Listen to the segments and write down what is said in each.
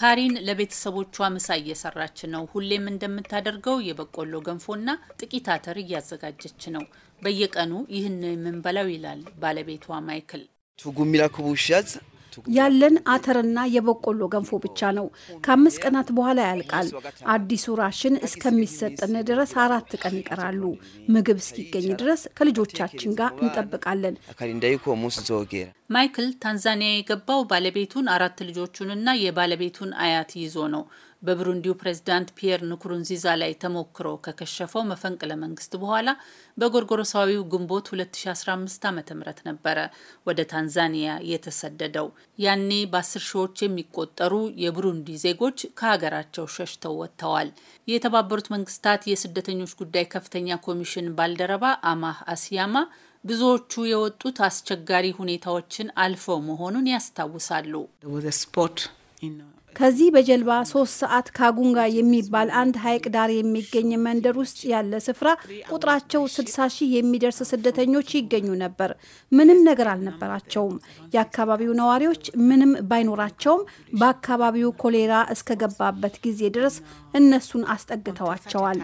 ካሪን ለቤተሰቦቿ ምሳ እየሰራች ነው። ሁሌም እንደምታደርገው የበቆሎ ገንፎና ጥቂት አተር እያዘጋጀች ነው። በየቀኑ ይህን የምንበላው ይላል ባለቤቷ ማይክል ቱጉሚላ ክቡሻዝ ያለን አተርና የበቆሎ ገንፎ ብቻ ነው። ከአምስት ቀናት በኋላ ያልቃል። አዲሱ ራሽን እስከሚሰጥን ድረስ አራት ቀን ይቀራሉ። ምግብ እስኪገኝ ድረስ ከልጆቻችን ጋር እንጠብቃለን። ማይክል ታንዛኒያ የገባው ባለቤቱን አራት ልጆቹንና የባለቤቱን አያት ይዞ ነው። በብሩንዲው ፕሬዝዳንት ፒየር ንኩሩንዚዛ ላይ ተሞክሮ ከከሸፈው መፈንቅለ መንግስት በኋላ በጎርጎሮሳዊው ግንቦት 2015 ዓ ም ነበረ ወደ ታንዛኒያ የተሰደደው። ያኔ በአስር ሺዎች የሚቆጠሩ የብሩንዲ ዜጎች ከሀገራቸው ሸሽተው ወጥተዋል። የተባበሩት መንግስታት የስደተኞች ጉዳይ ከፍተኛ ኮሚሽን ባልደረባ አማህ አስያማ ብዙዎቹ የወጡት አስቸጋሪ ሁኔታዎችን አልፈው መሆኑን ያስታውሳሉ። ከዚህ በጀልባ ሶስት ሰዓት ካጉንጋ የሚባል አንድ ሐይቅ ዳር የሚገኝ መንደር ውስጥ ያለ ስፍራ ቁጥራቸው ስድሳ ሺህ የሚደርስ ስደተኞች ይገኙ ነበር። ምንም ነገር አልነበራቸውም። የአካባቢው ነዋሪዎች ምንም ባይኖራቸውም በአካባቢው ኮሌራ እስከገባበት ጊዜ ድረስ እነሱን አስጠግተዋቸዋል።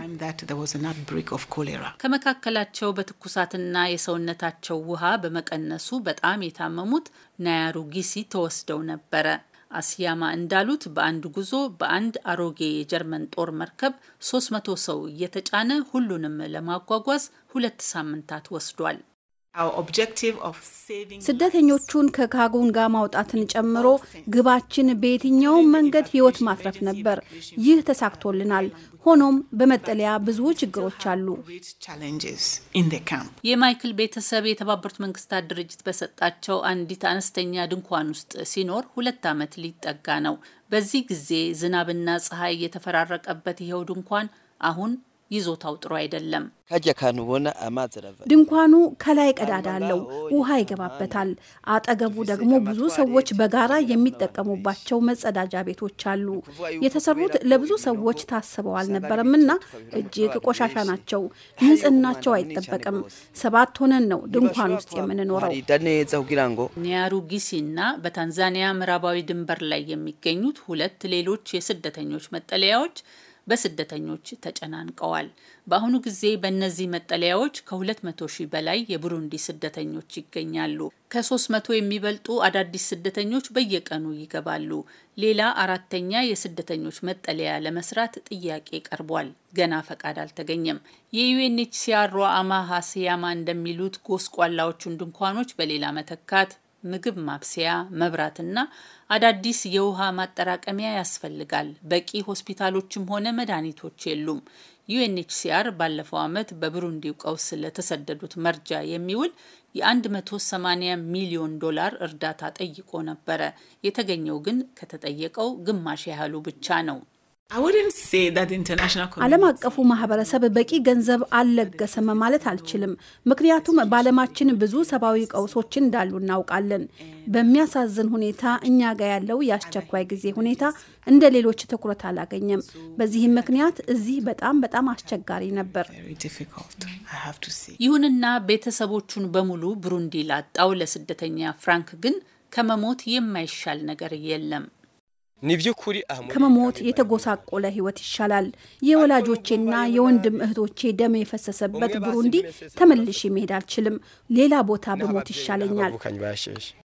ከመካከላቸው በትኩሳትና የሰውነታቸው ውሃ በመቀነሱ በጣም የታመሙት ናያሩ ጊሲ ተወስደው ነበረ። አስያማ እንዳሉት በአንድ ጉዞ በአንድ አሮጌ የጀርመን ጦር መርከብ 300 ሰው እየተጫነ ሁሉንም ለማጓጓዝ ሁለት ሳምንታት ወስዷል። ስደተኞቹን ከካጉንጋ ማውጣትን ጨምሮ ግባችን በየትኛውም መንገድ ሕይወት ማትረፍ ነበር። ይህ ተሳክቶልናል። ሆኖም በመጠለያ ብዙ ችግሮች አሉ። የማይክል ቤተሰብ የተባበሩት መንግስታት ድርጅት በሰጣቸው አንዲት አነስተኛ ድንኳን ውስጥ ሲኖር ሁለት ዓመት ሊጠጋ ነው። በዚህ ጊዜ ዝናብና ፀሐይ የተፈራረቀበት ይኸው ድንኳን አሁን ይዞታው ጥሩ አይደለም። ድንኳኑ ከላይ ቀዳዳ አለው፣ ውሃ ይገባበታል። አጠገቡ ደግሞ ብዙ ሰዎች በጋራ የሚጠቀሙባቸው መጸዳጃ ቤቶች አሉ። የተሰሩት ለብዙ ሰዎች ታስበው አልነበረምና እጅግ ቆሻሻ ናቸው። ንጽህናቸው አይጠበቅም። ሰባት ሆነን ነው ድንኳን ውስጥ የምንኖረው። ኒያሩ ጊሲና በታንዛኒያ ምዕራባዊ ድንበር ላይ የሚገኙት ሁለት ሌሎች የስደተኞች መጠለያዎች በስደተኞች ተጨናንቀዋል። በአሁኑ ጊዜ በእነዚህ መጠለያዎች ከ200 ሺህ በላይ የቡሩንዲ ስደተኞች ይገኛሉ። ከ300 የሚበልጡ አዳዲስ ስደተኞች በየቀኑ ይገባሉ። ሌላ አራተኛ የስደተኞች መጠለያ ለመስራት ጥያቄ ቀርቧል። ገና ፈቃድ አልተገኘም። የዩኤንኤችሲአር አማሃ ሲያማ እንደሚሉት ጎስቋላዎቹን ድንኳኖች በሌላ መተካት ምግብ ማብሰያ፣ መብራትና አዳዲስ የውሃ ማጠራቀሚያ ያስፈልጋል። በቂ ሆስፒታሎችም ሆነ መድኃኒቶች የሉም። ዩኤንኤችሲአር ባለፈው ዓመት በብሩንዲው ቀውስ ለተሰደዱት መርጃ የሚውል የ180 ሚሊዮን ዶላር እርዳታ ጠይቆ ነበረ። የተገኘው ግን ከተጠየቀው ግማሽ ያህሉ ብቻ ነው። ዓለም አቀፉ ማህበረሰብ በቂ ገንዘብ አልለገሰም ማለት አልችልም። ምክንያቱም በዓለማችን ብዙ ሰብአዊ ቀውሶች እንዳሉ እናውቃለን። በሚያሳዝን ሁኔታ እኛ ጋር ያለው የአስቸኳይ ጊዜ ሁኔታ እንደ ሌሎች ትኩረት አላገኘም። በዚህም ምክንያት እዚህ በጣም በጣም አስቸጋሪ ነበር። ይሁንና ቤተሰቦቹን በሙሉ ብሩንዲ ላጣው ለስደተኛ ፍራንክ ግን ከመሞት የማይሻል ነገር የለም። ከመሞት የተጎሳቆለ ህይወት ይሻላል። የወላጆቼና የወንድም እህቶቼ ደም የፈሰሰበት ብሩንዲ ተመልሼ መሄድ አልችልም። ሌላ ቦታ በሞት ይሻለኛል።